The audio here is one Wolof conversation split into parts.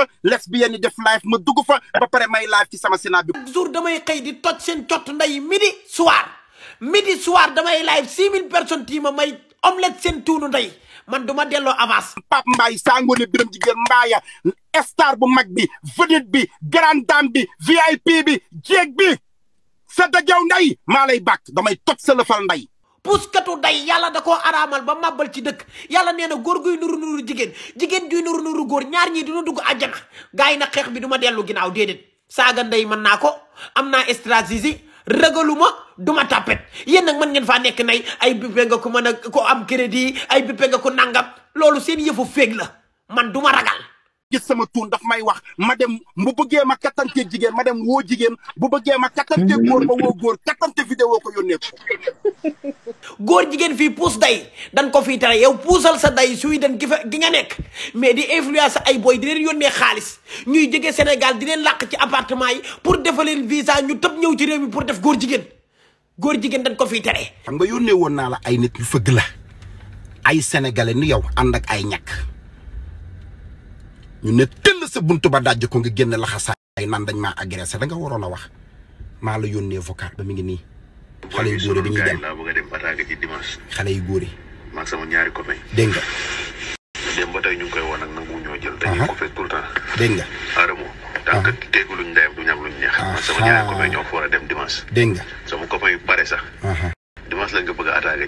fa lesbienne yi def live ma dugg fa ba pare may live ci sama sénat bi jour damay xëy di toj seen cott nday midi soir midi soir damay live six mille personnes tii ma may omelette seen tuunu ndey man du delloo avance Pape Mbaye sangoone biram jigéen mbaaya star bu mag bi vedette bi grande dame bi VIP bi jeeg bi sa dajaw nday maa lay bàkk damay toj sa lëfal nday puuskatu day yàlla da koo araamal ba mabbal ci dëkk yàlla nee na góor guy nuru nuru jigéen jigéen guy nuru nuru góor ñaar ñii dina dugg àjjana gars yi nag xeex bi du dellu ginnaaw déedéet saaga ndey man naa ko am naa stratégie ragaluma duma tàppet yéen nag man ngeen faa nekk nay ay bippe nga ko mën a ko am crédit ay bippe nga ko nangam loolu seen yëfu féeg la man duma ragal gis sama tuun daf may wax ma dem bu bëggee ma kattante jigéen ma dem woo jigéen bu bëggee ma kattante mm-hmm. góor ma woo góor kattante vidéo ko yónnee góor jigéen fii puus day dan ko fii tere yow puusal sa day suy den gi fa gi nga nekk mais di influence ay boy di leen yónnee xaalis ñuy jege Sénégal di leen làkk ci appartement yi pour defaleen visa ñu tëb ñëw ci réew mi pour def góor jigéen góor jigéen dañ ko fii tere. xam nga yónnee woon naa la ay nit ñu fëgg la ay sénégalais ni yow ànd ak ay ñàkk ñu ne tëll sa buntu ba dajj ko ngi génn laxasaay nan dañ maa sa da nga waroon a wax maa la yónnee vocal mi ngi nii. xale yu góor yi dañuy dem laa xale yu góor yi. sama ñaari copain. dégg nga. dem ba tey ñu koy wan ak nangu ñoo jël. dañuy ko fekk tout le temps. dégg nga. aramo tant que dégg luñ ndeyam du ñam luñ neex. sama ñaari copain ñoo fa war a dem dimanche. dégg nga. sama copain yu pare sax. dimanche la nga bëgg attaqué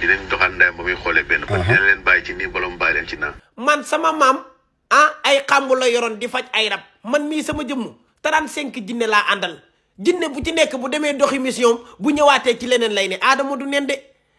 dinañ doxal ndeyam ba muy xoolee benn. ba dina leen bàyyi ci nii bala bàyyi leen ci naa. man sama maam ah ay xàmbu la yoroon di faj ay rab man mii sama jëmm 35 jinne laa àndal jinne bu ci nekk bu demee doxi mission bu ñëwaatee ci leneen lay ne aadama du nen de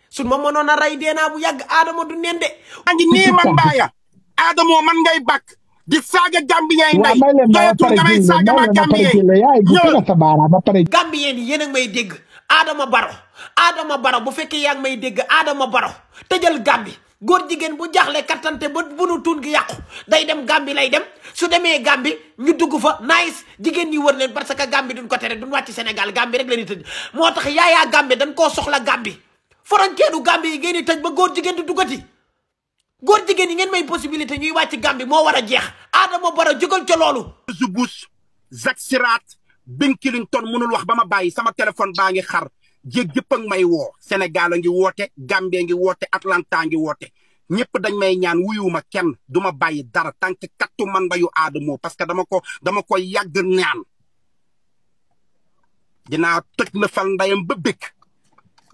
su ma mënoon a rey dee naa bu yàgg aadama du nen de. maa ngi nii man baaya aadamoo man ngay bakk di saaga gambien nday doyatul damay saaga ma gambien ñëw gambien yi yéen a may dégg aadama baro aadama baro bu fekkee yaa may dégg aadama baro tëjal gambi góor jigéen bu jaaxle kattante ba bu nu tuun gi yàqu day dem Gàmbi lay dem su demee Gàmbi ñu dugg fa nice jigéen ñi wër leen parce que Gàmbi duñ ko tere duñ wàcc Sénégal Gàmbi rek la tëj moo tax yaayaa Gàmbi dañ koo soxla Gàmbi frontière u Gàmbi yi ngeen di tëj ba góor jigéen du duggati góor jigéen yi ngeen may possibilité ñuy wàcc Gàmbi moo war a jeex Adama Barrow jógal ca loolu Zubus Zak Sirat Bill ton mënul wax ba ma bàyyi sama téléphone baa ngi xar jéeg jëpp ak may woo senegal a ngi woote Gambie ngi woote Atlanta ngi woote ñëpp dañ may ñaan ma kenn du ma bàyyi dara tant que kattu man mbayu aadamoo parce que dama ko dama ko yàgg ñaan dinaa toj na fal ndayam ba bëgg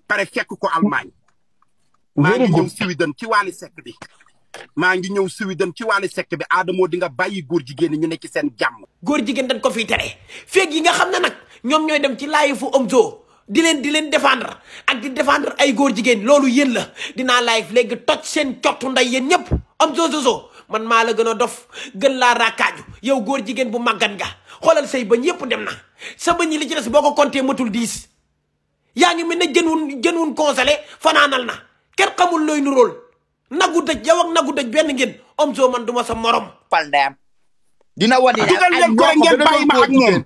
pare fekk ko Allemagne maa ngi ñëw Sweden ci wàllu sekk bi maa ngi ñëw Sweden ci wàllu sekk bi aadamoo di nga bàyyi góor jigéen ñu nekk seen jàmm góor jigéen dañ ko fii tere feeg yi nga xam ne nag ñoom ñooy dem ci laayi fu Omzo di leen di leen défendre ak di défendre ay góor jigéen loolu yéen la dinaa live léegi toj seen cottu nday yéen ñëpp am zo zo man maa la gën a dof gën laa raakaaju yow góor jigéen bu màggan nga xoolal say bañ yëpp dem na sa bañ yi li ci des boo ko compté matul diis yaa ngi mel ne jën wun jën wun consolé fanaanal na kenn xamul looy nuróol nagu dëj yow nagu dëj benn ngeen om zo man duma sa morom. pal ndeyam dina wane ak ay ngeen bàyyi ma ak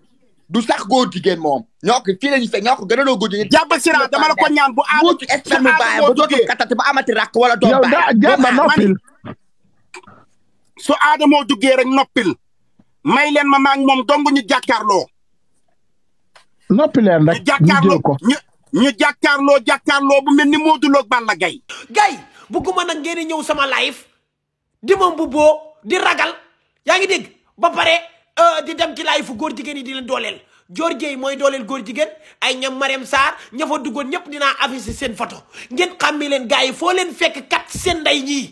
du sax goor jigéen moom ñoo ko fii lañu fekk ñoo ko gënaloo góor jigéen jàpp sira dama la ko ñaan bu am mu ci extrême baay bu dootu katati bu amati rakk wala doom baay jàmba noppil su aadamoo duggee rek noppil may leen ma maag moom dong ñu jàkkaarloo noppi leen rek ñu ko ñu ñu jàkkaarloo jàkkaarloo bu mel ni Modou Lo ak Balla gay. gay bugguma nag ngeen ñëw sama life di bu mbubboo di ragal yaa ngi dégg ba pare Euh, di dem ci laay fu góor jigéen yi di leen dooleel Dior Dieye mooy dooleel góor jigéen ay ñam Marème Sarr ña fa duggoon ñëpp dinaa affiché seen foto ngeen xàmmi leen gars yi foo leen fekk kat seen nday ñii